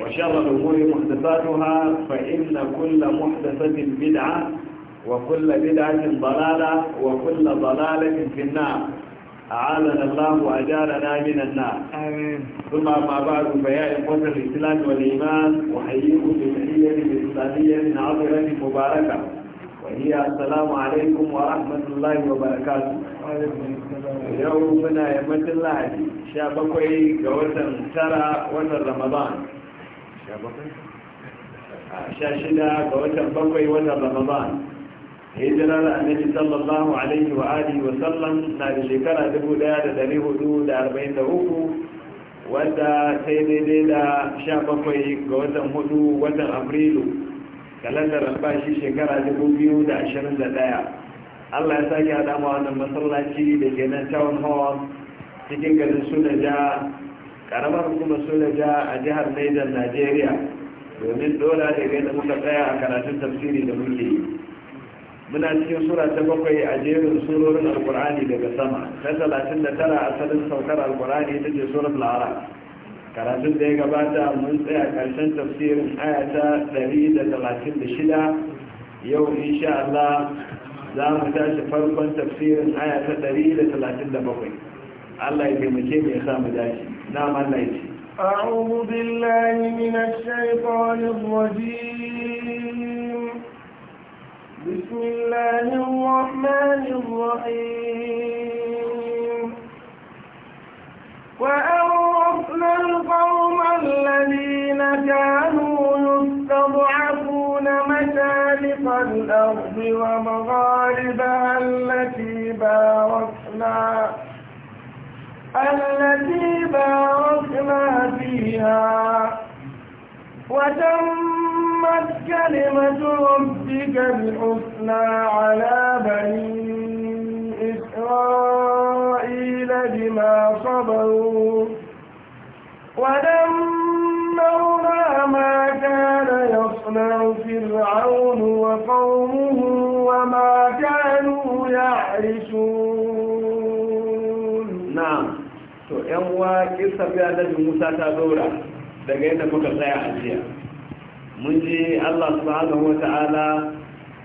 وشر الأمور محدثاتها فإن كل محدثة بدعة وكل بدعة ضلالة وكل ضلالة في النار أعاذنا الله وأجارنا من النار آمين. ثم ما بعد فيا إخوة الإسلام والإيمان أحييكم بتحية إسلامية عظيمة مباركة وهي السلام عليكم ورحمة الله وبركاته اليوم منا يمت الله شابكوي جوة ترى وتر رمضان sha shida ga watan bakwai watan ramadan da annabi sallallahu alaihi wa alihi wa sallam na da shekara 1443 wadda sai daidai da 17 ga watan hudu watan afrilu kalandar bashi shekara 2021 allah ya sake haɗa ma wannan masallaci da ke nan town hall cikin garin sunaja karamar hukumar sulaja a jihar Niger Najeriya domin dola da ga muka tsaya a karatun tafsiri da muke yi muna cikin sura ta bakwai a jerin surorin alkur'ani daga sama ta talatin da tara asalin saukar alkur'ani ta ce surar al'ara karatun da ya gabata mun tsaya karshen tafsirin aya ta 136 yau insha Allah za mu tashi farkon tafsirin aya ta 137 الله ya يخام ذلك نعم الله dace أعوذ بالله من الشيطان الرجيم بسم الله الرحمن الرحيم وأورثنا القوم الذين كانوا يستضعفون مشارق الأرض وما التي باركنا فيها وتمت كلمة ربك الحسنى على بني إسرائيل بما صبروا ودمرنا ما كان يصنع فرعون وقومه وما كانوا يعرشون نعم yan uwa kisa bi annabi Musa ta dora daga yadda muka tsaya a jiya mun ji Allah subhanahu wata'ala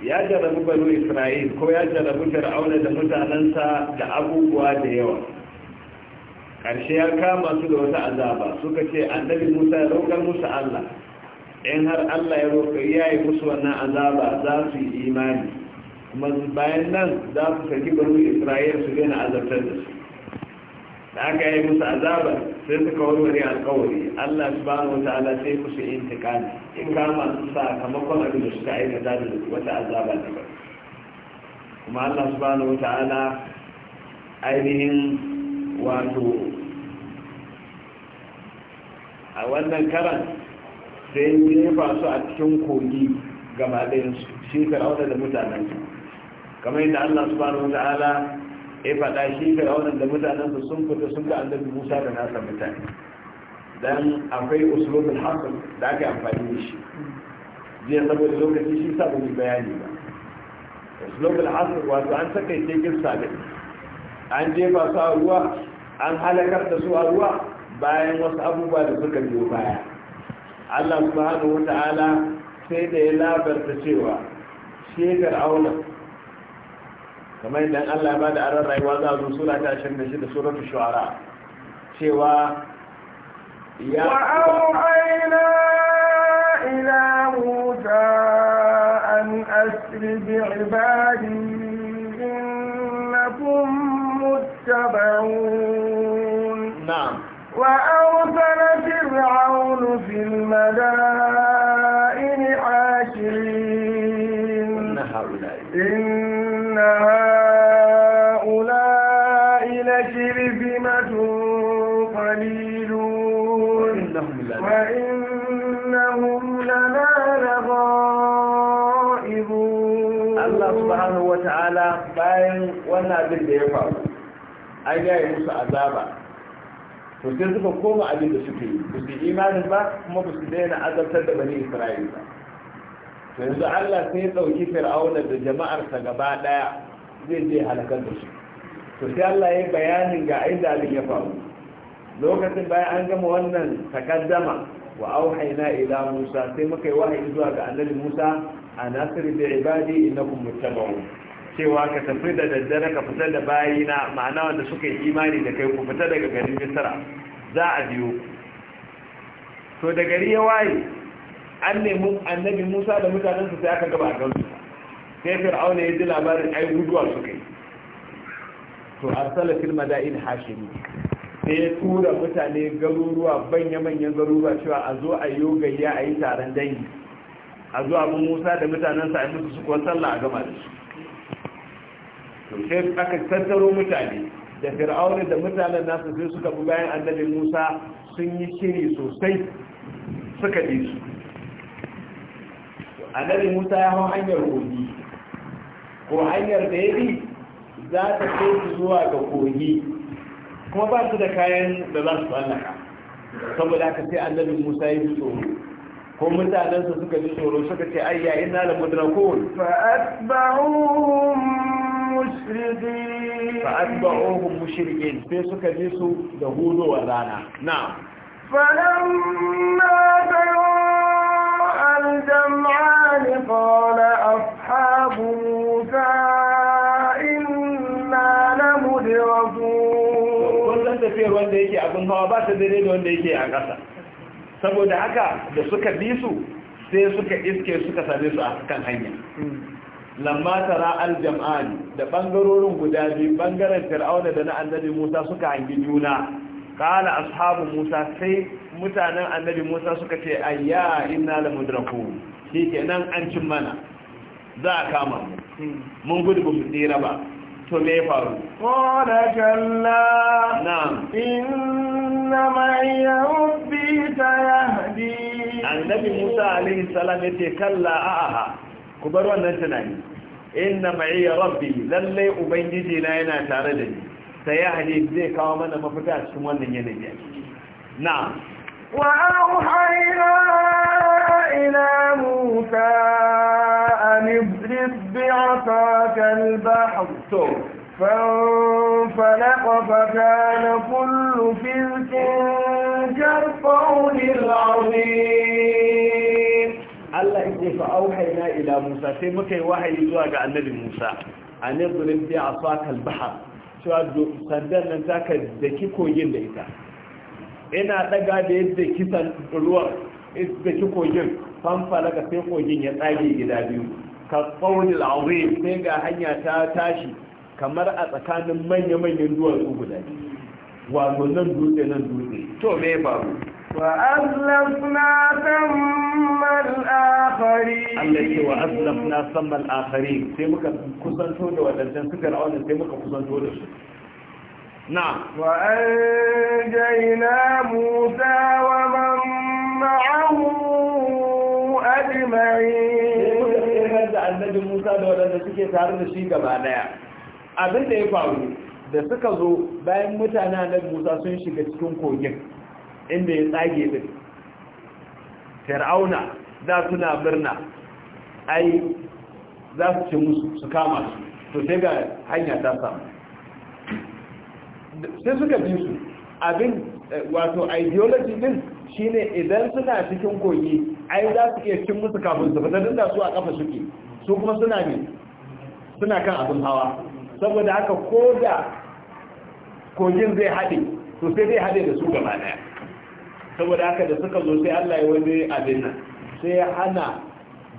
ya jarabu banu Isra'il ko ya jarabu Fir'auna da mutanensa da abubuwa da yawa karshe ya kama su da wata azaba suka ce annabi Musa ya roƙar musu Allah in har Allah ya roƙa ya yi musu wannan azaba za su yi imani kuma bayan nan za su saki banu Isra'il su daina azabtar da su da aka yi musu azaba sai suka warware alkawari Allah subhanahu wa ala sai musu intiqami in kama su sakamakon abin da suka aika da wata azaba ta ba kuma Allah subhanahu wa ala ainihin wato a wannan karan sai jefa su a cikin kogi gaba ɗayansu shi fir'auna da mutanensu kamar yadda Allah subhanahu wa ta'ala ya faɗa shi fir'aunan da mutanen su sun fita sun ga annabi musa da nasa mutane dan akwai usulul hasan da aka amfani da shi jiya saboda lokaci shi sa ba bayani ba usulul hasan wato an saka ce gissa da an jefa su a ruwa an halakar da su a ruwa bayan wasu abubuwa da suka biyo baya Allah subhanahu ta'ala sai da ya labarta cewa shekar auna kamar yadda Allah ya bada aran rayuwa za a zo sura ta 26 da suratul shu'ara cewa ya wa'awayna ila musa an asri bi ibadi innakum muttaba'un na'am wa awsala fir'aun fil madad wata'ala bayan wannan abin da ya faru an yaya musu azaba to sai suka koma abin da suke yi ba su imanin ba kuma ba su daina azabtar da bani isra'ila ba to yanzu allah sai ya ɗauki fir'auna da jama'arsa gaba ɗaya zai je halakar da su to sai allah ya yi bayanin ga inda abin ya faru lokacin bayan an gama wannan takaddama wa auhayna ila musa sai muka yi wahayi zuwa ga annabi musa a nasiri da ibadi innakum muttabaun cewa ka tafi da daddare ka fita da bayina ma'ana wanda suka yi imani da kai ku fita daga garin misra za a biyo to da gari ya waye an nemi annabi musa da mutanensu sai aka gaba a gansu sai fir'auna ya ji labarin ai guduwa suka yi to arsala fil madain hashimi sai ya tura mutane garuruwa banya-manyan garuruwa cewa a zo a yi gayya a yi taron dangi a zo abin musa da sa a yi musu sukuwar sallah a gama da su to sai aka tattaro mutane da fir'auna da mutanen nasu sai suka bi bayan annabi musa sun yi shiri sosai suka bi su annabi musa ya hau hanyar kogi ko hanyar da ya bi za ta kai su zuwa ga kogi kuma ba su da kayan da za su tsallaka saboda aka sai annabi musa ya yi tsoro ko mutanensa suka ji tsoro suka ce ayya ina da mudrakun fa'atba'u فأتبعوهم مشركين في سكجسوا دهودو ورانا نعم فلما تراءى الجمعان قال أصحاب موسى إنا لمدرسون كنت تفير وانده يكي أبن هوا بات دريد وانده يكي أقصى saboda haka da suka bi su sai suka iske lamma tara aljam'ani da bangarorin guda biyu bangaren fir'auna da na annabi musa suka hangi juna kala ashabu musa sai mutanen annabi musa suka ce ayya inna la mudrakun nan an cin mana za a kama mu mun gudu ba mu tsira ba to me faru qala kalla na'am inna ma rabbi sayahdi annabi musa alaihi salam yace kalla a'a ku wannan tunani inna ma'i rabbi lalle ubangiji na yana tare da ni sai ya hadi zai kawo mana mafita cikin wannan yanayi na wa auhayna ila musa an idrib asaka al-bahr to فانفلق فكان كل فرق كالطول العظيم Allah yake fa auhayna ila Musa sai muka yi wahayi zuwa ga annabi Musa an yadrib bi asaka al cewa sandan nan zaka daki kogin da ita ina daga da yadda kisan ruwa da ki kogin fanfala ga sai kogin ya tsage gida biyu ka tsawon al'azim sai ga hanya ta tashi kamar a tsakanin manya-manyan duwatsu guda wa nan dutse nan dutse to me faru wa Allahi wa azlam na samman akhari sai muka kusanto da sai muka kusanto da su. Musa wa da Musa da suke tare da shi gaba daya. Abin da ya faru da suka zo bayan mutane na Musa sun shiga cikin kogin inda ya tsage din. fir'auna su na birna ai za su ci musu su kama su to sai ga hanya ta samu sai suka bi su abin eh, wato ideology din shine idan suna cikin kogi ai za su iya cin musu kafin su fitar da su a kafa suke su kuma suna ne suna kan abin hawa saboda haka ko da kogin zai haɗe to sai zai haɗe da su gaba daya saboda haka da suka zo sai Allah ya wani abin nan sai ya hana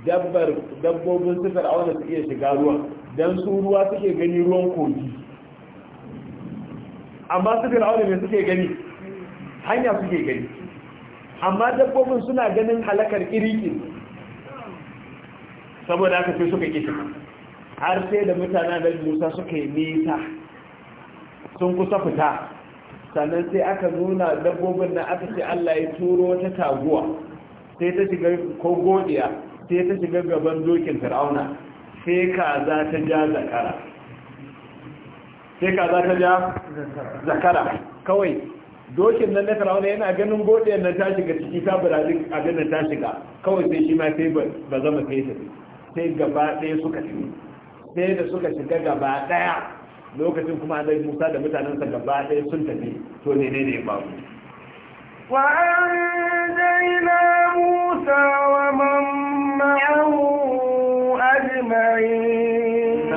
dabbar dabbobin su a su iya shiga ruwa don su ruwa suke gani ruwan kogi amma su a wanda mai suke gani hanya suke gani amma dabbobin suna ganin halakar irikin saboda haka sai suka ƙi har sai da mutanen da musa suka yi nisa sun kusa fita sannan sai aka nuna dabbobin nan aka ce Allah ya turo wata taguwa sai ta shiga ko godiya sai ta shiga gaban dokin fir'auna sai kaza ta ja zakara sai kaza ta ja zakara kawai dokin nan na fir'auna yana ganin godiyar nan ta shiga ciki ta burazi a ganin ta shiga kawai sai shi ma sai ba zama sai ta sai gaba ɗaya suka shiga sai da suka shiga gaba ɗaya lokacin kuma annabi Musa da mutanensa gaba ɗaya sun tafi to ne ne ne ba mu wa موسى ومن معه أجمعين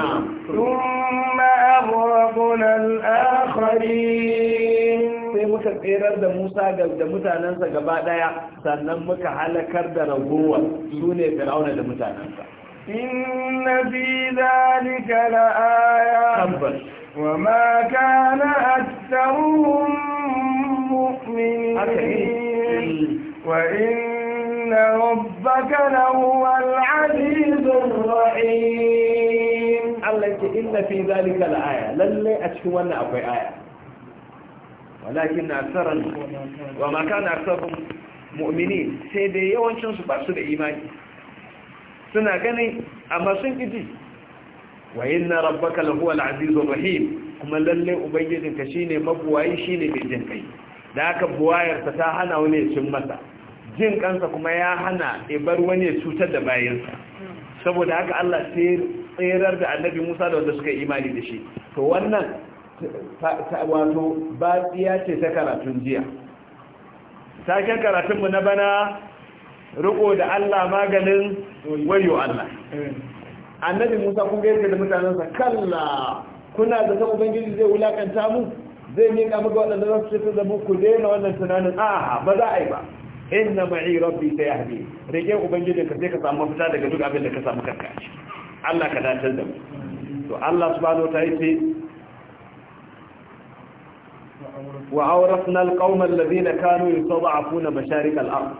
ثم أغرقنا الآخرين sai muka tserar da Musa da mutanensa gaba ɗaya sannan muka halakar da raguwa su Fir'auna da mutanensa إن في ذلك لآية وما كان أكثرهم مؤمنين وإن ربك لهو العزيز الرحيم الله يقول إن في ذلك الآية للي أتشوان أبو آية ولكن أكثر وما كان أكثرهم مؤمنين سيدي يوانشون سبعسوا بإيماني suna gani amma sun ƙiji wa yin na rabbaka lahuwal azizun rahim kuma lalle ubangijinka shine mabuwayi shine mai jin kai da aka buwayarsa ta hana wani ya cin masa jin kansa kuma ya hana bar wani ya cutar da bayansa saboda haka Allah sai tserar da annabi Musa da wanda suka imani da shi to wannan wato ba tsiya ce ta karatun jiya taken karatunmu na bana riko da Allah maganin wayo Allah annabi Musa kun gaisa da sa kalla kuna da san ubangiji zai wulakanta mu zai mika muku waɗanda za su ce da mu ku daina wannan tunanin a'a ba za a yi ba inna ma'i rabbi sayahdi rike ubangiji ka sai ka samu fita daga duk abin da ka samu kanka Allah ka dace da mu to Allah subhanahu wa ta'ala wa awrasna alqawma alladhina kanu yastad'afuna masharik al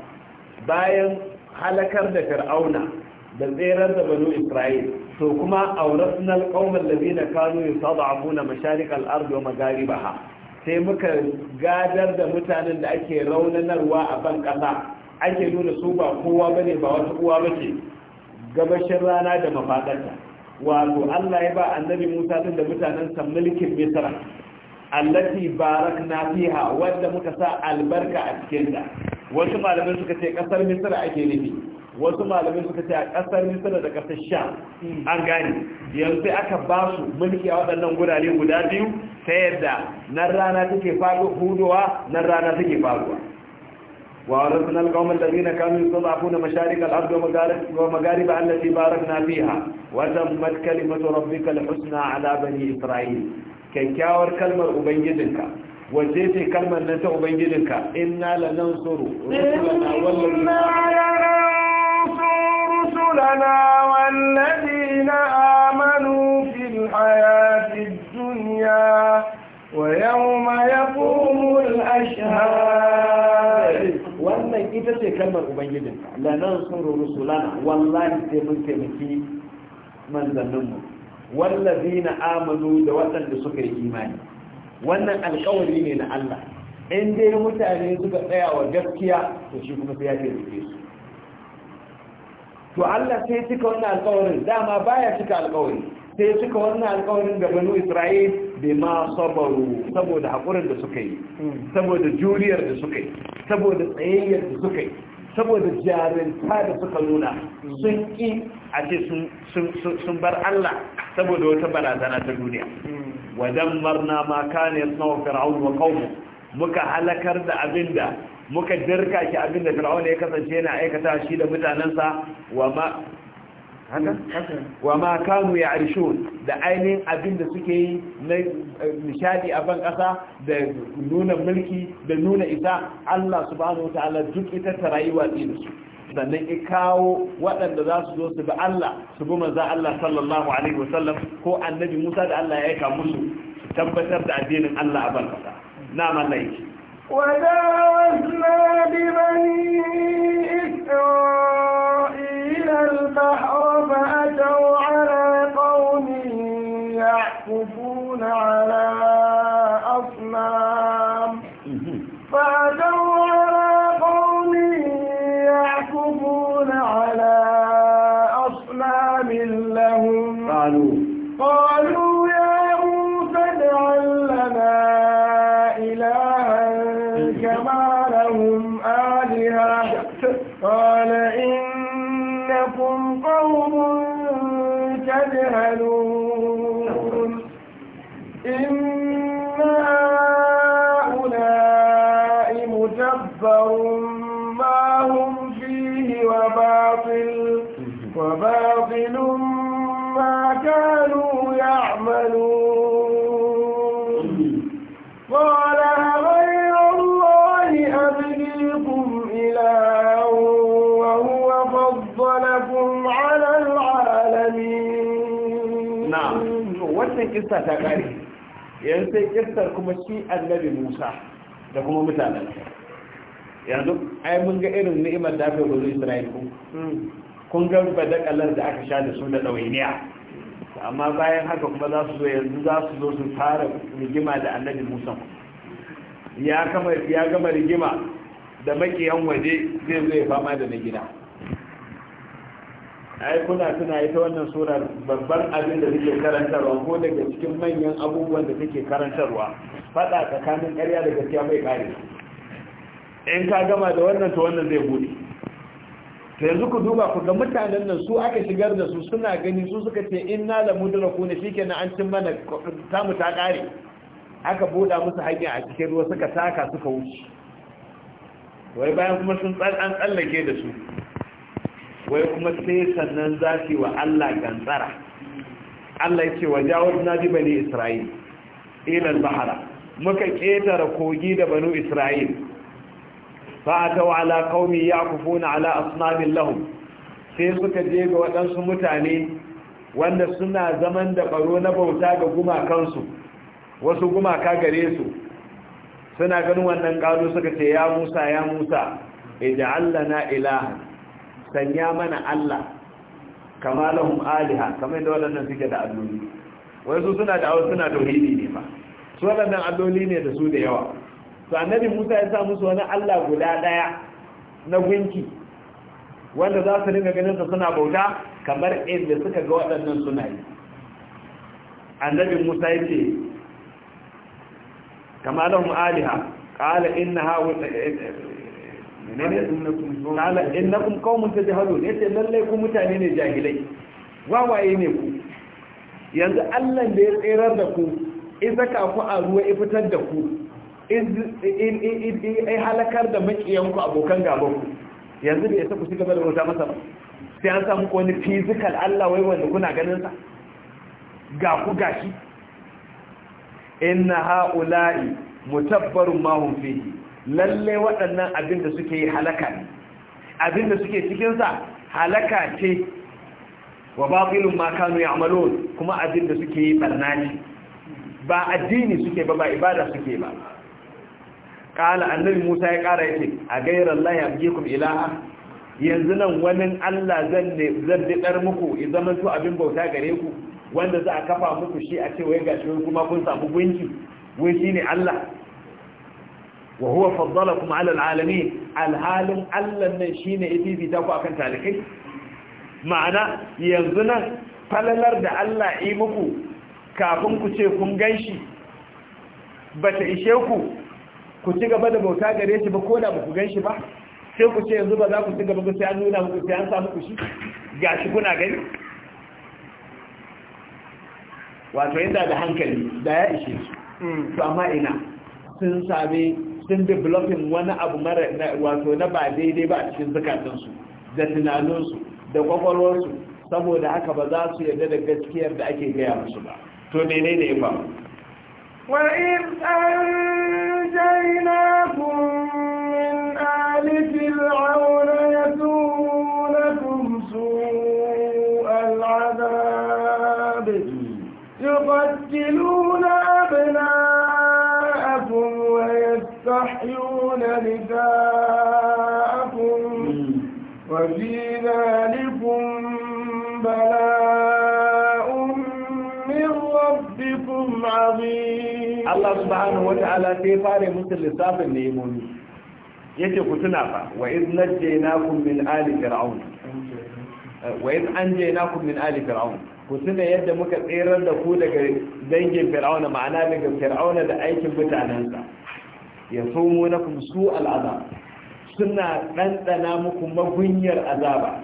bayan halakar da fir'auna da tseren da banu isra'il to kuma auratna alqawmal ladina kanu yastad'afuna masharik al-ard wa sai muka gadar da mutanen da ake raunanarwa a ban kasa ake nuna su ba kowa ne ba wata uwa bace gabashin rana da mafadarta wato Allah ya ba annabi Musa din da mutanen sa mulkin Misra allati barakna fiha wanda muka sa albarka a cikin wasu malamin suka ce kasar misira ake nufi wasu malamin suka ce a kasar misira da kasar sha an gane yanzu aka ba su mulki a waɗannan gurare guda biyu ta yadda nan rana suke faɗo hudowa nan rana take faɗuwa wa rasul al-qawm alladhina kanu yusabbihuna masharik al-ardi wa magarib allati barakna fiha wa tammat kalimatu rabbika al-husna ala bani isra'il kyakkyawar kalmar ubangijinka wace ce kalmar nan ta ubangijinka inna la nansuru rusulana na amanu fil hayatid dunya wa yawma yaqumul ashhad wannan ita ce kalmar ubangijinka la nansuru rusulana wallahi sai mun taimaki manzanninmu wallazina amanu da waɗanda suka yi imani wannan alkawari ne na Allah in dai mutane suka tsaya wa gaskiya to shi kuma sai ya taimake su to Allah sai cika wannan alkawarin dama baya cika alkawari sai cika wannan alkawarin da banu Isra'il bai ma sabaru saboda haƙurin da suka yi saboda juriyar da suka yi saboda tsayayyar da suka yi saboda jarinta da suka nuna sun ƙi a ce sun bar Allah saboda wata barazana ta duniya wajen marna ma kane yasnawa fir'aun wa muka halakar da abinda muka dirka ki abinda fir'aun ya kasance yana aikata shi da mutanensa wa haka mm. wa ma kanu ya arishun da ainihin abin da suke yi na eh, nishadi a ban kasa da nuna mulki da nuna isa Allah subhanahu ta'ala duk ita ta rayuwa din su sannan ya kawo waɗanda za su zo su bi Allah su bi manzo Allah sallallahu alaihi wasallam ko annabi Musa da Allah ya yi musu su tabbatar da addinin Allah a ban kasa na mallaki وجاوزنا ببني إسرائيل البحر قالوا يا موسى اجعل لنا إلها كما لهم آلهة قال إنكم قوم تجهلون إن هؤلاء متبر ما هم فيه وباطل وباطل ما كانوا kista ta kare yanzu sai kistar kuma shi annabi musa da kuma mutanen yanzu ai mun ga irin ni'imar da aka gudu isra'il ku kun ga badakalar da aka sha da su da ɗawainiya amma bayan haka kuma za su zo yanzu za su zo su fara rigima da annabi musa ya gama rigima da makiyan waje zai zo ya fama da na gida ai kuna tuna ita wannan sura babban abin da take karantarwa ko daga cikin manyan abubuwan da take karantarwa fada tsakanin ƙarya da gaskiya bai kare in ka gama da wannan to wannan zai bude to yanzu ku duba ku ga mutanen nan su aka shigar da su suna gani su suka ce inna la mudraku ne shikenan an cin mana tamu ta kare aka buɗa musu hanya a cikin ruwa suka taka suka wuce wai bayan kuma sun tsallake da su wai kuma sai sannan za su wa Allah gantsara Allah ya ce wa jawar na bi Isra'il ilal bahara muka ƙetare kogi da banu Isra'il fa ta wa ya kufu na ala asnamin lahun sai suka je ga waɗansu mutane wanda suna zaman da ɓaro na bauta ga gumakansu wasu gumaka gare su suna ganin wannan ƙalu suka ce ya Musa ya Musa ilahan sanya mana Allah kama lahum aliha kamar da waɗannan suke da alloli wai su suna da awon suna tauhidi ne fa su waɗannan alloli ne da su da yawa to annabi Musa ya sa musu wani Allah guda daya na gunki wanda za su dinga ganin sa suna bauta kamar inda suka ga waɗannan suna yi annabi Musa ya ce kama lahum aliha qala inna ha ta'ala innakum qaumun tajhalun yace lalle ku mutane ne jahilai wawaye ne ku yanzu Allah da ya tsirar da ku izaka ku a ruwa ya fitar da ku in ai halakar da makiyanku abokan gabanku yanzu da yasa ku shiga da wata masa ba sai an samu wani physical Allah wai wanda kuna ganin sa ga ku gashi inna ha'ula'i mutabbarun ma hum fihi lalle waɗannan abinda da suke yi halaka ne abin suke cikinsa halaka ce wa babilun ma kanu ya'malun kuma abin da suke yi barna ne ba addini suke ba ba ibada suke ba kala annabi Musa ya kara yake a gairar Allah ya bige ku ilaha yanzu nan wani Allah zan ne zan muku ya zama abin bauta gare ku wanda za a kafa muku shi a cewa ya gashi kuma kun samu gunki wai shine Allah wa huwa faddalakum ala alalamin alhalin Allah nan shine yafi ta ku akan talikai ma'ana yanzu nan falalar da Allah yi muku kafin ku ce kun ganshi bata ishe ku ku ci gaba da bauta gare shi ba ko da ba ku ganshi ba sai ku ce yanzu ba za ku ci gaba ba sai an nuna muku sai an samu ku shi gashi kuna gani wato yadda da hankali da ya ishe su mm. to amma ina sun same sun developing wani abu mara wato na ba daidai ba a cikin zukatansu da tunaninsu da kwakwalwarsu saboda haka ba za su yarda da gaskiyar da ake gaya musu ba to menene ne ba na kuma? نساءكم وفي ذلكم بلاء من ربكم عظيم الله سبحانه وتعالى sai fare musu lissafin nemomi yace ku tuna fa wa iz najjaynakum min ali fir'aun wa iz anjaynakum min ali fir'aun ku tuna yadda muka tserar da ku daga dangin fir'auna ma'ana daga fir'auna da aikin mutanansa. ya somo na kuma su al'azab suna ɗanɗana muku magunyar azaba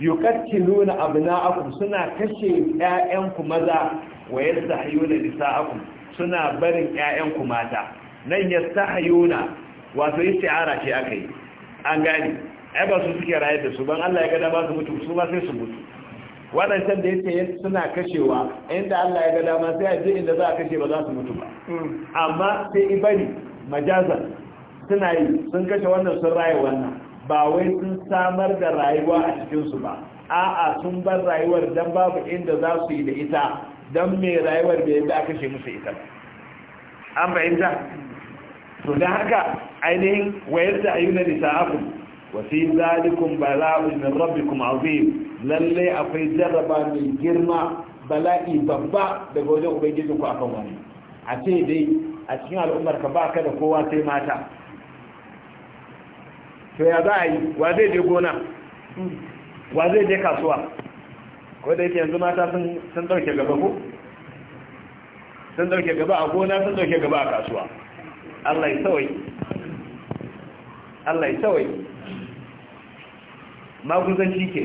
nuna abu na aku suna kashe ƴaƴanku maza wa nisa aku suna barin ƴaƴanku mata nan ya yastahiyuna wato isti'ara ce yi, an gani ai ba su suke raye da su ban Allah ya ga ba su mutu su ba sai su mutu waɗancan da yake suna kashewa inda Allah ya gada ma sai a je inda za a kashe ba za su mutu ba mm. amma sai ibani majazan suna yi sun kashe wannan sun raye wannan ba wai sun samar da rayuwa a cikinsu ba a'a sun bar rayuwar don babu inda za su yi da ita don mai rayuwar da yadda aka kashe musu ita an fahimta to da haka ainihin wayar da ayyuna bala'u وفي ذلكم بلاء lalle akwai عظيم girma bala'i babba من جرما بلاء ببا akan wani a ce dai a cikin al'ummar ka ba ka da kowa sai mata to ya za a yi wa zai je gona wa zai je kasuwa ko da yake yanzu mata sun dauke gaba ko sun dauke gaba a gona sun dauke gaba a kasuwa Allah ya tsawai Allah ya tsawai maguzanci ke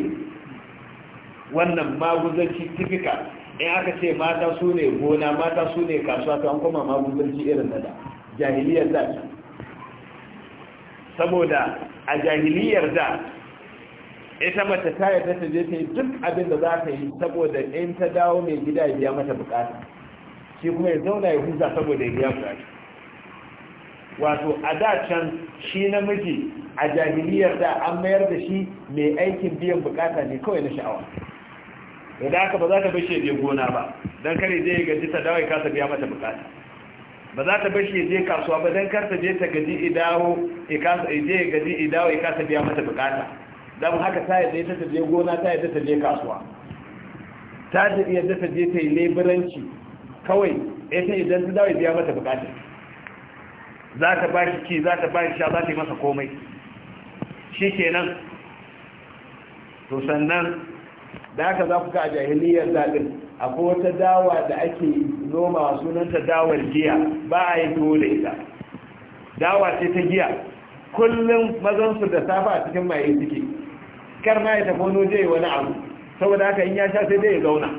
wannan maguzanci tifika in aka ce mata su ne gona mata su ne kasuwa ta an koma maguzanci irin da jahiliyar da saboda a jahiliyar da ita mace ta yarda ta je ta yi duk abin da za ta yi saboda in ta dawo mai gida ya mata bukata shi kuma ya zauna ya huza saboda ya biya bukata wato a da can shi namiji a jahiliyar da an mayar da shi mai aikin biyan bukata ne kawai na sha'awa idan aka ba za ta bashi je gona ba dan kare je gaji ta dawai ka biya mata bukata ba za ta bashi je kasuwa ba dan kar ta je ta gaji idawo e ka je gaji idawo e ka biya mata bukata dan haka ta yadda ta je gona ta yadda ta je kasuwa ta yadda ta je ta yi leburanci kawai ita idan ta dawai biya mata bukata za ta ba shi ki za ta ba shi sha za ta yi masa komai shi kenan to sannan da haka za ku ga a jahiliyar daɗin akwai wata dawa da ake noma sunanta dawar giya ba a yi tuwo da ita dawa ce ta giya kullum mazansu da safa a cikin maye suke kar ma ya tafi wani wani abu saboda haka in ya sha sai dai ya zauna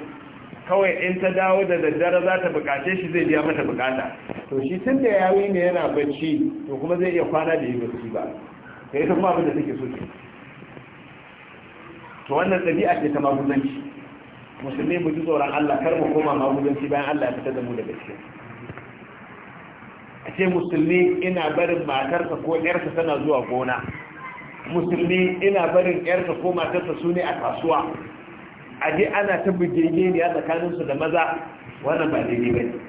kawai in ta dawo da daddare za ta bukace shi zai biya mata bukata to shi tun da yawi ne yana bacci to kuma zai iya kwana da yi bacci ba sai ta kuma abin da take so to wannan ɗabi'a ce ta maguzanci musulmi mu ji tsoron Allah kar mu koma maguzanci bayan Allah ya fitar da mu daga cikin a ce musulmi ina barin matarsa ko ƴarsa tana zuwa gona musulmi ina barin ƴarsa ko matarsa su ne a kasuwa a je ana ta bugege ne a tsakaninsu da maza wannan ba daidai ba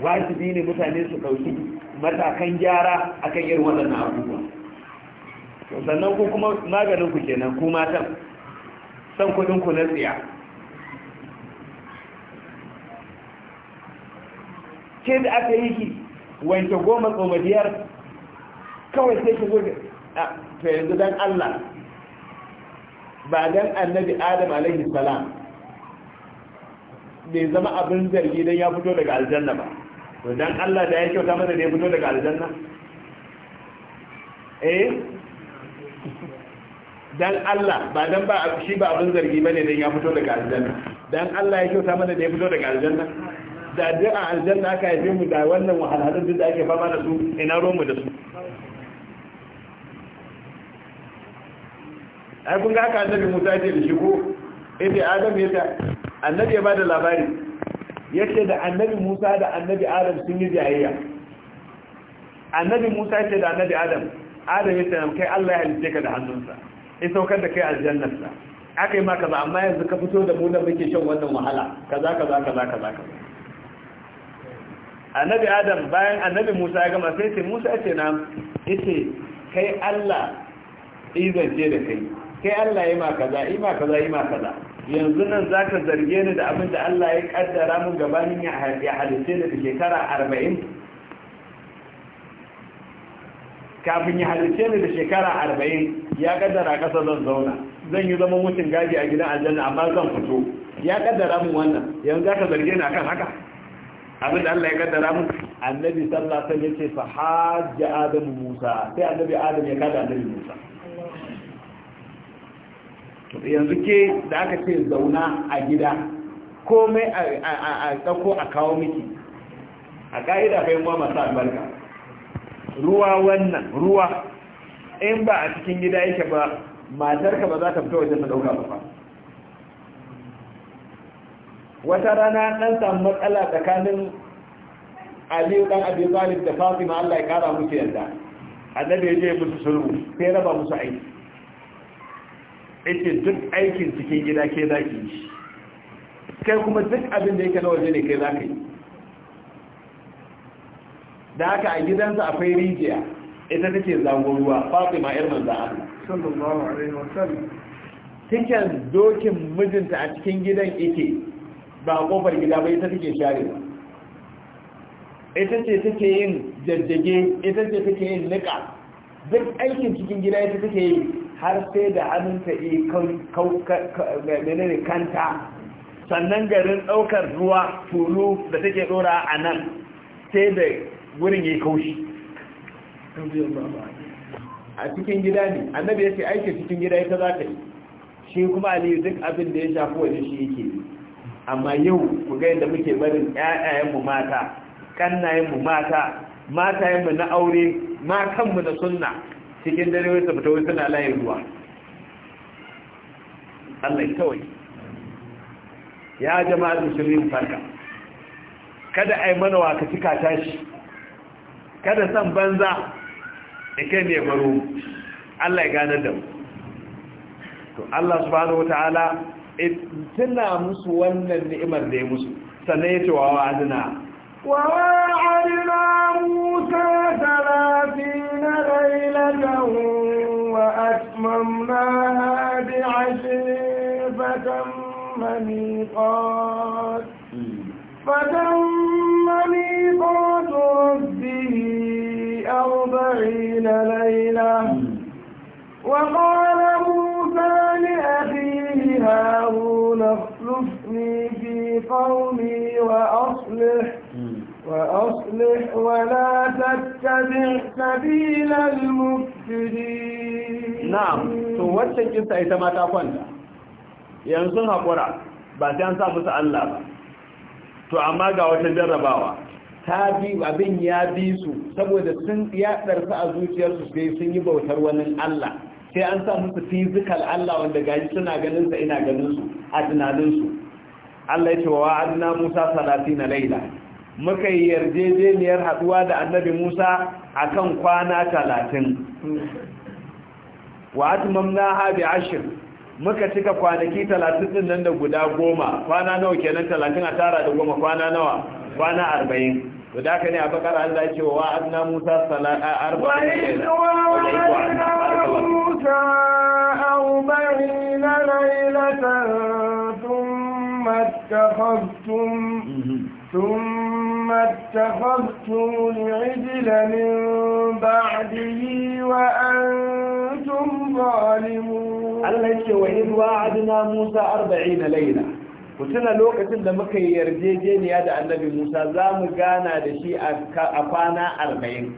wajibi ne mutane su ɗauki matakan gyara akan irin wannan abubuwa sannan ko kuma maganin ku kenan ku matan san kudin ku na tsiya ke da aka yi ki wanke goma tsomadiyar kawai sai ki zo a yanzu don Allah ba don annabi adam alaihi salam bai zama abin zargi don ya fito daga aljanna ba to don Allah da ya kyauta mana da ya fito daga aljanna eh dan Allah ba dan ba shi ba abin zargi bane dan ya fito daga aljanna dan Allah ya kyauta mana da ya fito daga aljanna da da a aljanna aka yi mu da wannan wahalhalun da ake fama da su ina ro mu da su ai kun ga haka annabi Musa ya ce da shi ko inda Adam ya ta annabi ya bada labari yace da annabi Musa da annabi Adam sun yi jayayya annabi Musa ya ce da annabi Adam Adam ya ce kai Allah ya halice ka da hannunsa in saukar da kai aljannar sa aka yi ma kaza amma yanzu ka fito da mu da muke shan wannan wahala kaza kaza kaza kaza kaza annabi adam bayan annabi musa ya gama sai ce musa ce na ita kai allah izance da kai kai allah yi ma kaza yi ma kaza yi ma kaza yanzu nan za ka zarge ni da abin da allah ya kaddara mun gabanin ya halitta da shekara arba'in kafin ya halice ni da shekara arba'in ya kaddara kasa zan zauna zan yi zama mutum gaji a gidan aljanna amma zan fito ya kaddara mun wannan yanzu za ka zarge ni akan haka abin da Allah ya kaddara mun annabi sallallahu alaihi wasallam yace fa hajja adamu musa sai annabi adam ya kada annabi musa yanzu ke da aka ce zauna a gida komai a tsako a kawo miki a ka'ida kai kuma masu albarka ruwa wannan ruwa in ba a cikin gida yake ba matarka ba za ta fito wajen ta dauka ba wata rana dan samu matsala tsakanin aliyu dan abi talib da fatima Allah ya kara musu yadda, annabi ya je musu sulhu sai raba musu aiki ita duk aikin cikin gida ke zaki kai kuma duk abin da yake na waje ne kai ka yi da haka a gidansa akwai rijiya ita take zangon ruwa fatima yar manzo Allah sallallahu alaihi wasallam dokin mijinta a cikin gidan yake ba kofar gida ba ita take sharewa ita ce take yin jajjage ita ce take yin nika duk aikin cikin gida ita take yi har sai da hannunta yi kanta sannan garin ɗaukar ruwa tulu da take ɗora a nan sai da wurin ya yi kaushi a cikin gida ne annabi ya ce aiki cikin gida ita za ka yi shi kuma ne duk abin da ya shafi wani shi yake yi amma yau ku ga yadda muke barin ƴaƴayenmu mata kannayenmu mata matayenmu na aure matanmu na sunna cikin dare wata fita wata na layin ruwa Allah kawai ya jama'a yin farka kada ai mana wa ka cika tashi kada san banza ike ne baro Allah ya ganar da mu to Allah subhanahu wataala tana musu wannan ni'imar da ya musu sannan ya ce wa wa'adina wa wa'adina musa talatina lailatan wa atmamnaha bi ashrin hmm. fatamma miqat fatamma قدرت ربه أربعين ليلة وقال موسى لأخيه هارون اخلفني في قومي وأصلح وأصلح ولا تتبع سبيل المفسدين نعم تو waccan kissa ita ma ta kwanta yanzu hakura ba sai an sa musu Allah ta bi abin ya bi su saboda sun ya ɗarsa a zuciyarsu sai sun yi bautar wani Allah sai an sa musu fizikal Allah wanda gaji suna ganin sa ina ganin su a tunanin su Allah ya ce wa wa'adna Musa na laila muka yi yarjejeniyar haduwa da Annabi Musa akan kwana 30 wa ha bi ashr muka cika kwanaki 30 din nan da guda 10 kwana nawa kenan 30 a tara da 10 kwana nawa kwana to da ka ne a bakar Allah ya ce wa wa'adna Musa salata arba'in wa Musa arba'in laylatan thumma ittakhadhtum ثم اتخذتم العجل من بعده وأنتم ظالمون الله يقول وإذ وعدنا موسى أربعين ليلة ku tuna lokacin da muka yi yarjejeniya da annabi musa za mu gana da shi a kwana arba'in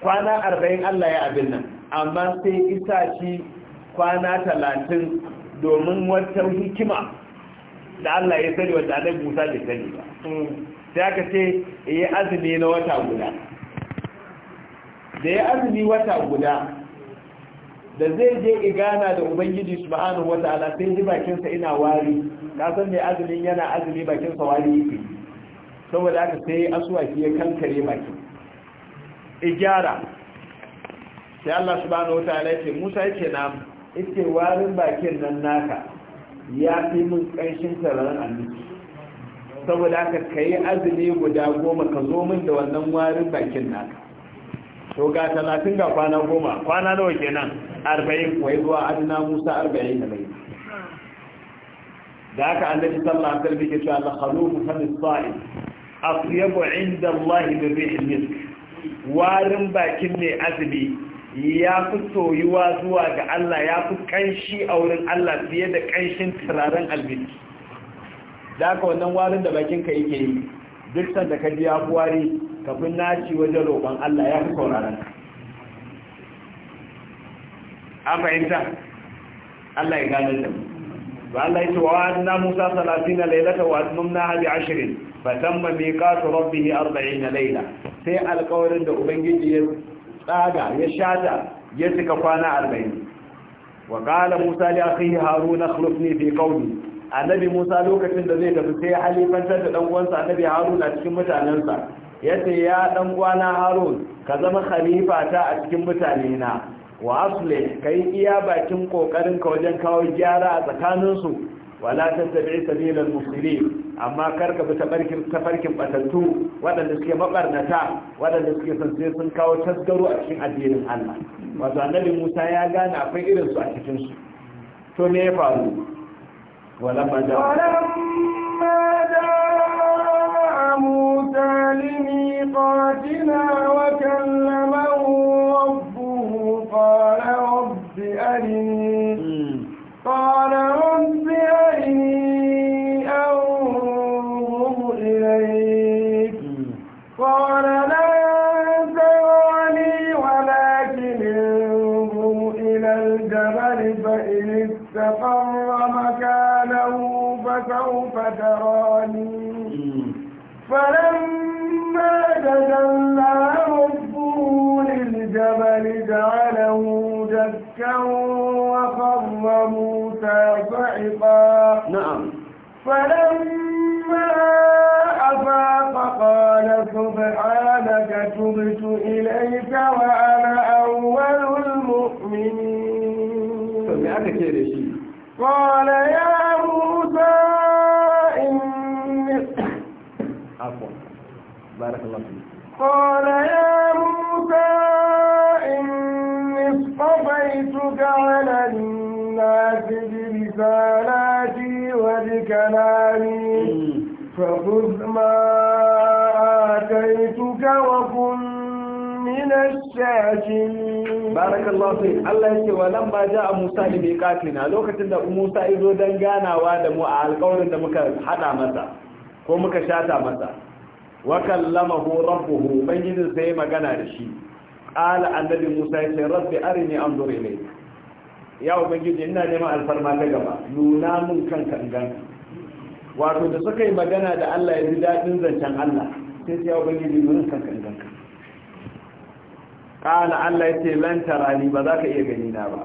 kwana arba'in allah ya abin nan amma sai isa shi kwana talatin domin wata hikima da allah ya sani wata annabi musa da sani ba sai aka ce ya azumi na wata guda da ya azumi wata guda da zai je igana da ubangiji subhanahu wataala sai ji bakinsa ina wari ka san mai azumin yana azumi bakinsa wari yake saboda haka sai asuwaki ya kankare bakin igyara sai Allah subhanahu wataala ce, Musa yake na yake warin bakin nan naka ya fi mun kanshin tararan annabi saboda haka kai azumi guda goma ka zo min da wannan warin bakin naka to ga talatin ga kwana goma kwana nawa kenan arba'in wai zuwa adina musa arba'in da mai da aka annabi sallallahu alaihi wasallam yake cewa la khalufu fa sa'id atyabu inda Allah bi rihil misk warin bakin ne azumi ya fi soyuwa zuwa ga Allah ya fi kanshi a wurin Allah fiye da kanshin turaren albiski da aka wannan warin da bakin ka yake yi duk sanda ka ji ya wari kafin naci wajen roƙon Allah ya fi sauraron a fahimta Allah ya gane da ba Allah ya ce wa na Musa na lailata wa atmamna bi 20 fa tamma miqatu arba'in na laila sai alƙawarin da ubangiji ya tsaga ya shata ya cika kwana arba'in. wa qala Musa ya akhihi Haruna akhlifni fi kauni annabi Musa lokacin da zai tafi sai halifantar da dan uwansa annabi Harun a cikin mutanensa. ya ce ya ɗan kwana harun ka zama khalifa ta a cikin mutane na wa ka yi iya bakin kokarin ka wajen kawo gyara a tsakaninsu wala ta tabi sabilan musiri amma kar ka bi tafarkin batattu waɗanda suke mabarnata waɗanda suke son sai sun kawo tasgaro a cikin addinin allah wato annabi musa ya gane akwai irinsu a cikinsu to me ya faru ولما جاء da موسى لميقاتنا وكلمه ربه قال رب أرني قال رب أرني أنظر إليك قال لا تراني ولكن انظر إلى الجبل فإن استقر مكانه فسوف تراني فلما تجلى ربه للجبل جعله دكا وخر موسى صعقا نعم فلما أفاق قال سبحانك تبت إليك وأنا أول المؤمنين قال يا بارك الله فيك قال يا موسى إني اصطفيتك على الناس برسالاتي وبكلامي فخذ ما آتيتك وكن من الشاكرين بارك الله فيك الله يسي ولم جاء موسى لميقاتنا لو كتن موسى إذو دنجانا وادمو على القول دمك حدا مسا ko muka shata masa wa kallamahu rabbuhu ubangijin sai magana da shi qala annabi musa ya ce rabbi arini anzur ilay ya ubangiji ina neman alfarma ta gaba nuna mun kanka in ganka wato da suka yi magana da Allah ya ji dadin zancen Allah sai ya ubangiji nuna kanka in ganka qala Allah ya ce lan tarani ba za ka iya gani na ba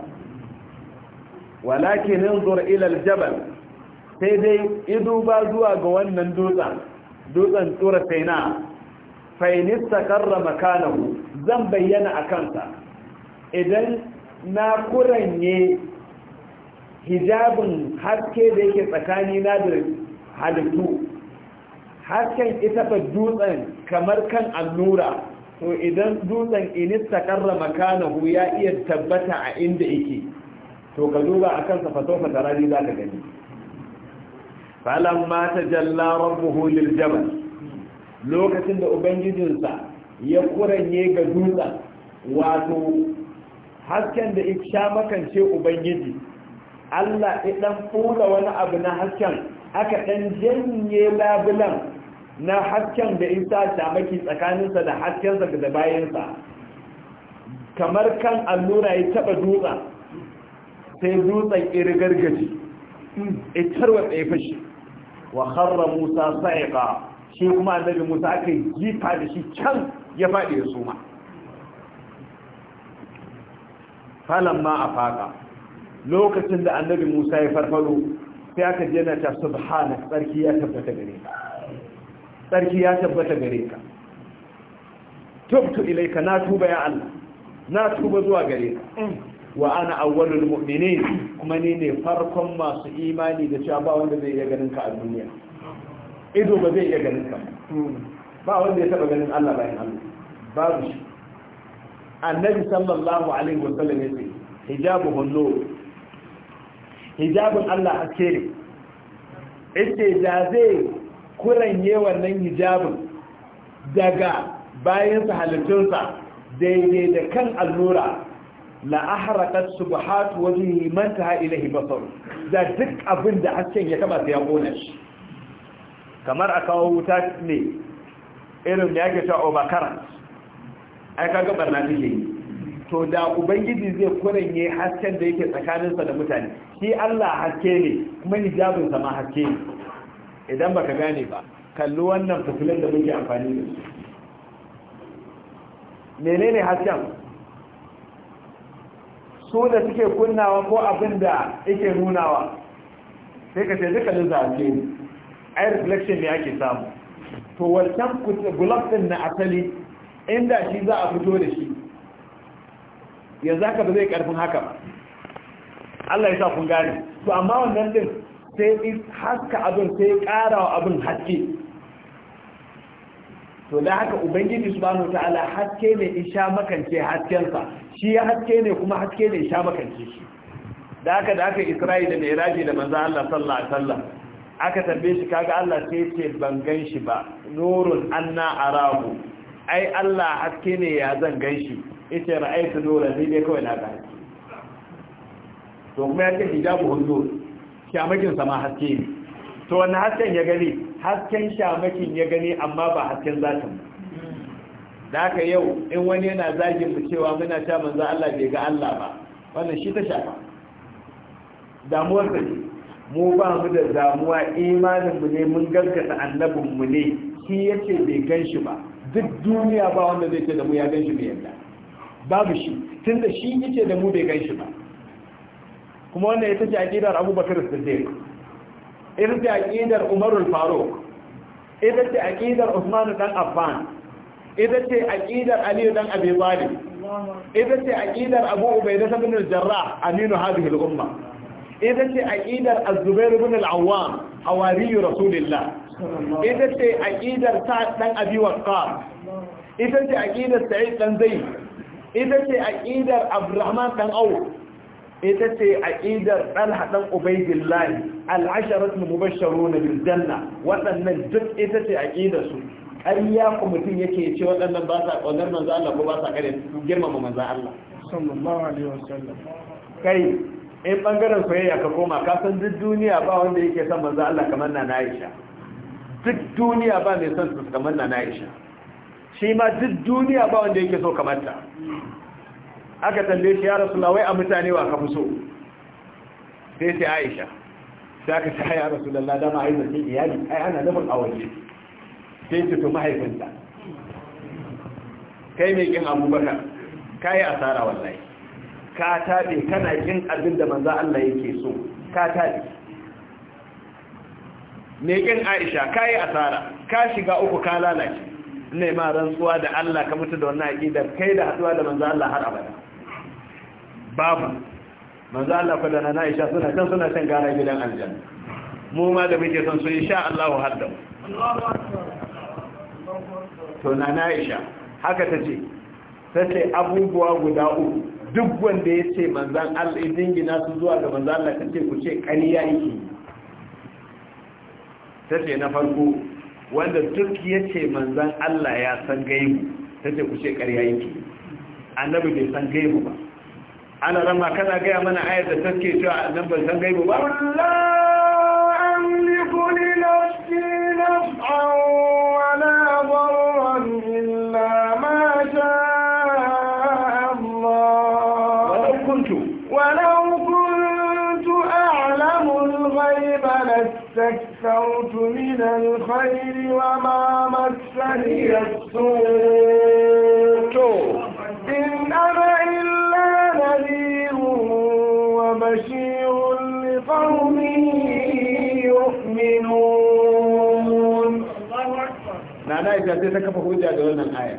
walakin anzur ila aljabal sai dai ido ba zuwa ga wannan dutsen dutsen tura saina fainista karra makanahu zan bayyana a kansa idan na kuranye hijabin haske da yake tsakani na da halittu hasken ita fa dutsen kamar kan allura to idan dutsen inista karra makanahu ya iya tabbata a inda yake to ka duba a kansa fasofa tarari za ka gani falon mata rabbuhu lil jabal lokacin da ubangijinsa ya kuranye ga dutsen wato hasken da isha makance ubangiji Allah idan fura wani abu na hasken aka dan janye labulan na hasken da isa shamaki tsakaninsa da haskensa da bayansa kamar kan allura ya taba dutsen sai dutsen irgargaji itarwa tsaye fashe. wa kharra musa sa'iqa shi kuma annabi musa aka jifa da shi can ya faɗi da ma falamma afaka lokacin da annabi musa ya farfado sai aka je na ta subhana sarki ya tabbata gare ka Sarki ya tabbata gare ka tubtu ilayka na tuba ya Allah na tuba zuwa gare ka wa ana awwalul mu'minin kuma ni ne farkon masu imani da cewa ba wanda zai iya ganin ka a duniya ido ba zai iya ganin ka ba wanda ya taba ganin Allah bayan Allah babu shi annabi sallallahu alaihi wa sallam ce hijabu hunnu hijabun Allah haske ne yace da zai kuranye wannan hijabun daga bayan sa halittunsa daidai da kan allura la ahraqat subhat wajhi man taha ilayhi basar da duk abin da hasken ya taba sai ya kona shi kamar a kawo wuta ne irin da yake ta obakara ai kaga barna take yi to da ubangiji zai kuranye hasken da yake tsakaninsa da mutane shi Allah haske ne kuma hijabin sa ma haske ne idan baka gane ba kalli wannan fitilin da muke amfani da su menene hasken su da suke kunnawa ko abin da yake nunawa sai ka ce duka da ne ai reflection ne ake samu to wancan gulab din na asali inda shi za a fito da shi yanzu haka ba zai karfin haka ba Allah ya sa kun gane to amma wannan din sai haska abin sai ƙara wa abin haske to da haka ubangiji subhanahu ta'ala haske ne in sha makance haskensa shi ya haske ne kuma haske ne in sha makance shi da haka da haka isra'i da miraji da manzo Allah sallallahu alaihi wasallam aka tambaye shi kaga Allah sai ce ban gan shi ba nurun anna arahu ai Allah haske ne ya zan gan shi yace ra'aytu nuran ni dai kawai na ga to kuma yake hijabu hundur kyamakin sama haske ne to wannan hasken ya gani hasken shamakin ya gani amma ba hasken zatin da aka yau in wani yana zagin mu cewa muna sha manzo Allah bai ga Allah ba wannan shi ta shafa damuwar ta ce mu ba mu da damuwa imanin mu ne mun gaskata annabin mu ne shi yace bai gan shi ba duk duniya ba wanda zai ce da mu ya gan shi bai yadda babu shi tunda shi yace da mu bai gan shi ba kuma wannan ita ce aqidar Abu Bakar Siddiq ita ce aƙidar umarul faruk ita ce aƙidar usmanu dan affan ita ce aƙidar aliyu dan abi talib ita ce aƙidar abu ubaidah ibn al-jarrah aminu hadhihi al-umma ita ce aƙidar az-zubair ibn al-awwam rasulillah ita ce aƙidar sa'd dan abi waqqas ita ce aƙidar sa'id dan zaid ita ce aƙidar abdurrahman dan au ita ce aƙidar talha dan ubaidillah al'asharat mubashsharu na biljanna waɗannan duk ita ce aƙida su ya ku mutum yake ce waɗannan ba sa ƙaunar manzo Allah ko ba sa kare girmama manzo Allah sallallahu alaihi wasallam kai in bangaren soyayya ka koma ka san duk duniya ba wanda yake son manzo Allah kamar na Aisha duk duniya ba mai son su kamar na Aisha shi ma duk duniya ba wanda yake so kamar ta aka tambaye shi ya rasulullahi wai a mutane wa ka fi so sai sai Aisha sai aka ce ya rasu lalla dama ai zance iyali ai ana nufin a waje sai ce to mahaifinta kai mai kin abubakar ka yi asara wallahi ka taɓe kana kin abin da manza Allah yake so ka taɓe mai kin aisha ka yi asara ka shiga uku ka lalace ne ma rantsuwa da Allah ka mutu da wannan aƙidar kai da haɗuwa da manza Allah har abada babu manzo Allah fa da na Aisha suna kan suna kan gara gidan aljanna mu ma da muke son su insha Allah hadda to na Aisha haka tace sai abubuwa guda uku duk wanda yace manzan Allah dingina su zuwa ga manzo Allah kace ku ce ƙarya yake sai na farko wanda duk yace manzan Allah ya san gaibu sai ku ce ƙarya yake annabi bai san gaibu ba ana rama kana gaya mana ayar da take cewa nan ban san gaibu ba la amliku li nafsi naf'an wa la darran illa ma sha'a Allah wa law kuntu wa law kuntu a'lamu al-ghayba lastakthartu min al-khayri wa ma massani as-su' aisha sai ta kafa hujja da wannan aya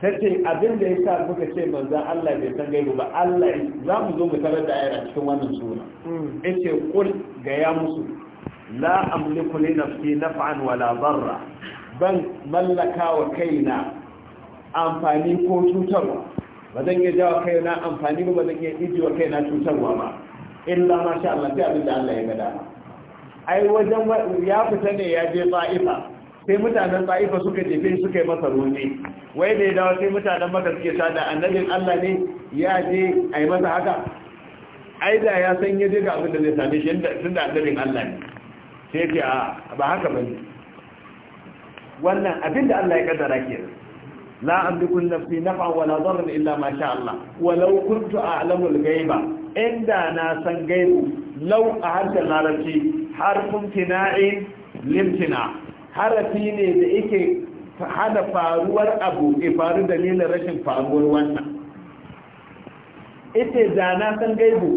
ta ce abin da ya sa muka ce manzan Allah bai san gaibu ba Allah za mu zo mu tarar da ayar a cikin wannan sura ya ce kul ga ya musu la amliku li nafsi naf'an wala darra ban mallaka wa kaina amfani ko cutarwa ba zan iya jawa kaina amfani ba ba zan iya ijiwa kaina cutarwa ba illa ma sha Allah sai abin da Allah ya ga dama ai wajen ya fita ne ya je ba'ifa sai mutanen ta'ifa suka jefe suka yi masa roni wai da ya dawo sai mutanen maka suke sada annabin allah ne ya je a yi masa haka ai da ya san yaje je ga abin da zai same shi tun da annabin allah ne sai ce a ba haka ba ne wannan abin da allah ya kaddara kenan لا أملك نفسي illa ولا ضرا إلا ما شاء الله ولو ghaiba inda na san gaibu law a أهلت larabci har kuntina'in limtina. harafi ne da yake hana faruwar abu ya faru dalilin rashin faruwar wannan ita da na san gaibu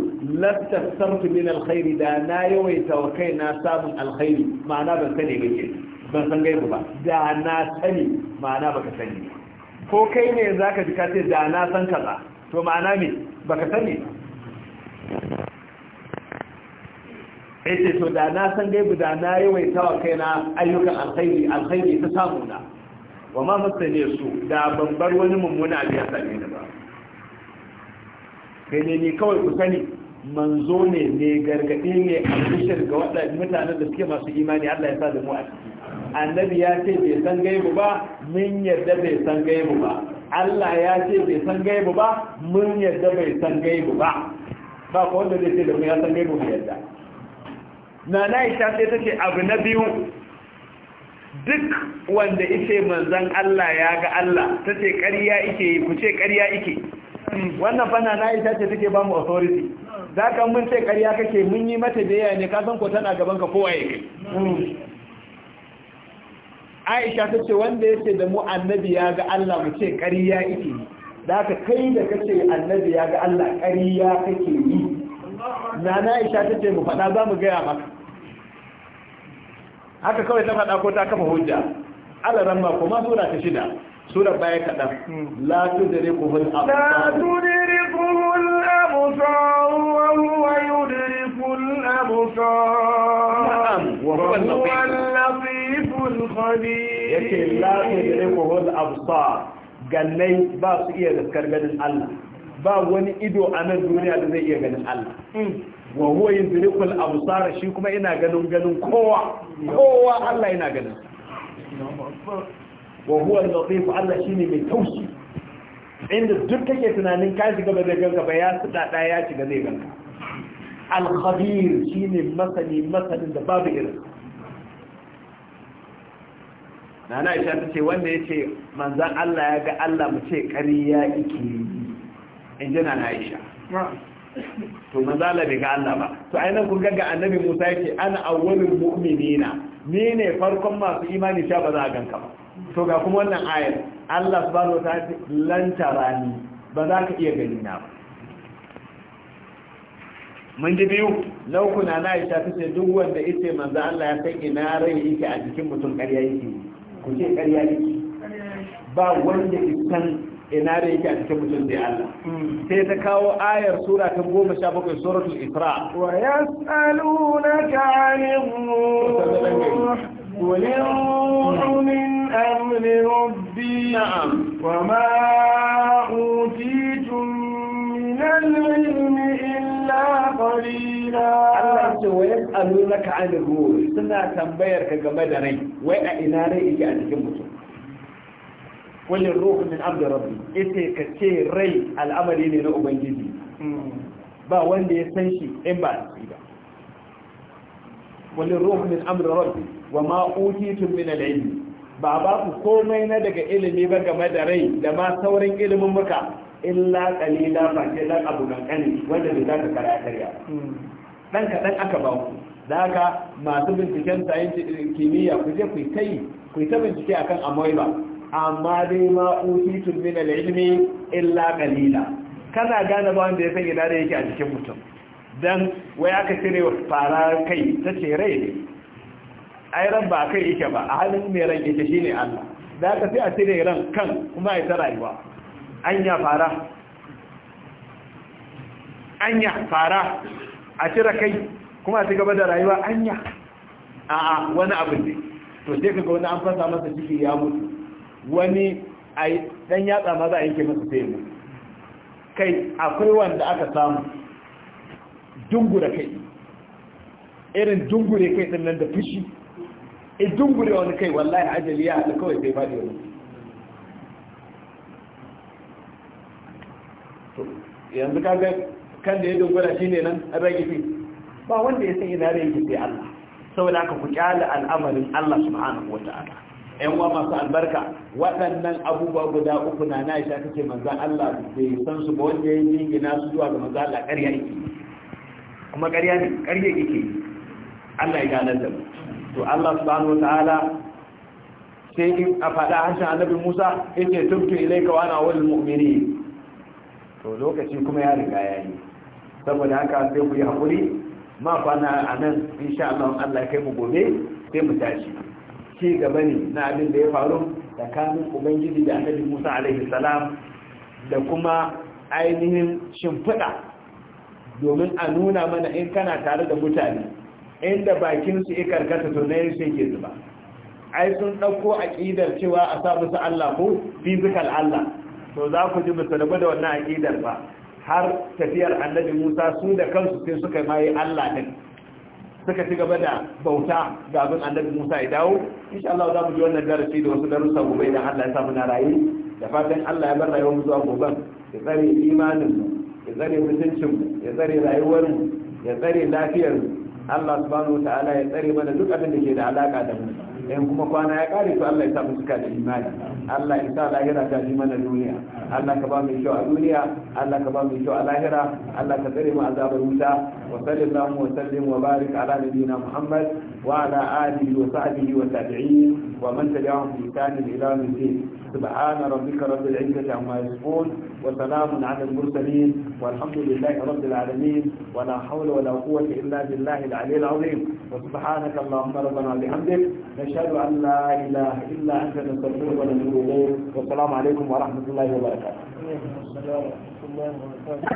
lattar sartu min alkhairi da na yawaita wa kai na samun alkhairi ma'ana ban sani ba ke ban san gaibu ba da na sani ma'ana baka sani ko kai ne zaka ji ka ce da na san kaza to ma'ana me baka sani ya ce to da na san gaibu da na yawaita wa na ayyukan alkhairi alkhairi ta samu na wa ma masane su da ban bar wani mummuna da ya same ni ba gane ne kawai ku sani manzo ne ne gargaɗi ne a albishir ga waɗanda mutanen da suke masu imani Allah ya sa da mu a ciki annabi ya ce bai san gaibu ba mun yarda bai san gaibu ba Allah ya ce bai san gaibu ba mun yarda bai san gaibu ba ba ko wanda zai ce da mu ya san gaibu bai na na isha sai ta ce abu na biyu duk wanda ice manzan Allah ya ga Allah ta ce ƙarya ike yi ku ce ƙarya ike wannan fana na isha ce take ba mu authority za ka mun ce ƙarya kake mun yi mata yaya ne ka san ko tana gaban ka kowa ya kai aisha ta ce wanda ya ce da mu annabi ya ga Allah mu ce ƙarya ike yi da ka kai da kace annabi ya ga Allah ƙarya kake yi na aisha ta ce mu faɗa za mu gaya maka haka kawai ta faɗa ko ta kafa hujja alaran ma kuma sura ta shida sura baya kaɗan la tudri kuhul absar la tudri kuhul absar wa huwa al absar wa huwa al-latiful khabir yake la tudri kuhul absar gallai ba su iya zaskar ganin Allah ba wani ido a nan duniya da zai iya ganin Allah wa huwa yudrikul absar shi kuma ina ganin ganin kowa kowa Allah yana ganin wa huwa al-latif Allah ne mai tausi inda duk kake tunanin ka shiga ba zai ganka ba ya tsada da ya shiga zai ganka al-khabir ne masani masanin da babu irin nana Aisha ta ce wanda ya ce manzan Allah ya ga Allah mu ce ya ikiri. in jina na aisha to manzala bai ga Allah ba to ainihin kun ga annabi Musa yake ana awwalul mu'minina ni ne farkon masu imani sha ba za a ganka ba to ga kuma wannan ayat Allah subhanahu wa ta'ala lan tarani ba za ka iya gani na ba mun ji biyu lauku na na Aisha tace duk wanda yace manzo Allah ya san ina rai yake a jikin mutum ƙarya yake ku ce ƙarya yake ba wanda san ina da yake a cikin mutum da Allah sai ta kawo ayar sura ta goma sha bakwai suratul isra wa yas'alunaka 'anil ruh قل الروح من أمر ربي وما أوتيتم من العلم إلا قليلا الله سوى يسألونك عن الروح سنة تنبيرك قبل ري وإنا ريك أنك مسلم Wannan ruhu min abdi rabbi ita ka ce rai al'amari ne na ubangiji ba wanda ya san shi in ba ba Wani ruhu min abdi rabbi wa ma utitun min al'ilmi ba ba ku komai na daga ilimi ba game da rai da ma sauran ilimin muka illa kalila ba ke dan abu nan kani wanda bai zaka kara karya dan kadan aka ba ku zaka masu binciken sayin kimiyya ku je ku yi ku ta bincike akan amoeba amma dai ma utitun min al-ilmi illa qalila kana gane ba wanda ya san da yake a cikin mutum dan wai aka cire wa fara kai ta ce rai ne ai ran ba kai yake ba a halin mai ran yake shine Allah da aka sai a cire ran kan kuma ai ta rayuwa anya fara anya fara a cire kai kuma ta gaba da rayuwa anya a'a wani abu ne to sai kaga wani an fasa masa ciki ya mutu wani a yatsa ma za a yanke masa sai kai akwai wanda aka samu dungura kai irin dungure kai ɗin nan da fushi e dungure wani kai wallahi ajali ya haɗa kawai sai faɗi wani yanzu kaga kan da ya dungura shi ne nan an rage fi ba wanda ya san ina da yake sai Allah saboda aka ku kyale al'amarin Allah subhanahu wata'ala yan uwa masu albarka waɗannan abubuwa guda uku na na isa kake manzan Allah bai san su ba wanda ya jingina su zuwa ga manzan Allah ƙarya yake kuma ƙarya ne ƙarya yake Allah ya gane da mu to Allah subhanahu wataala sai in a faɗa harshen annabi Musa yake tuntu ilaika wa ana wal mu'minin to lokaci kuma ya riga ya yi saboda haka sai ku yi haƙuri ma kwana a nan insha Allah Allah kai mu gobe sai mu tashi ci gaba ne na abin da ya faru da tsakanin ubangiji da annabi musa alaihi salam da kuma ainihin shimfiɗa domin a nuna mana in kana tare da mutane inda bakinsu ya karkata to na yin sai ke zuba ai sun ɗauko aƙidar cewa a sa musu Allah ko fizikal Allah to za ku ji musu da wannan aƙidar ba har tafiyar annabi musa su da kansu sai suka mayi Allah ɗin suka ci gaba da bauta ga abin annabi Musa ya dawo insha Allah za mu ji wannan darasi da wasu darussa gobe idan Allah ya samu na rayu da fatan Allah ya bar rayuwar mu zuwa gobe ya tsare imanin mu ya tsare mutuncin mu ya tsare rayuwar mu ya tsare lafiyar mu Allah subhanahu wa ta'ala ya tsare mana duk abin da ke da alaka da mu in kuma kwana ya kare to Allah ya sa mu da imani Allah ya sa lahira ta ji mana duniya Allah ka ba mu kyau a duniya Allah ka ba mu kyau a lahira Allah ka tsare mu azabar wuta wa sallallahu wa sallim wa barik ala nabiyyina Muhammad wa ala alihi wa sahbihi wa tabi'in wa man tabi'ahum bi ihsan ila yawm سبحان ربك رب العزة عما يصفون وسلام على المرسلين والحمد لله رب العالمين ولا حول ولا قوة إلا بالله العلي العظيم وسبحانك اللهم ربنا بحمدك نشهد أن لا إله إلا أنت نستغفرك ونتوب إليك والسلام عليكم ورحمة الله وبركاته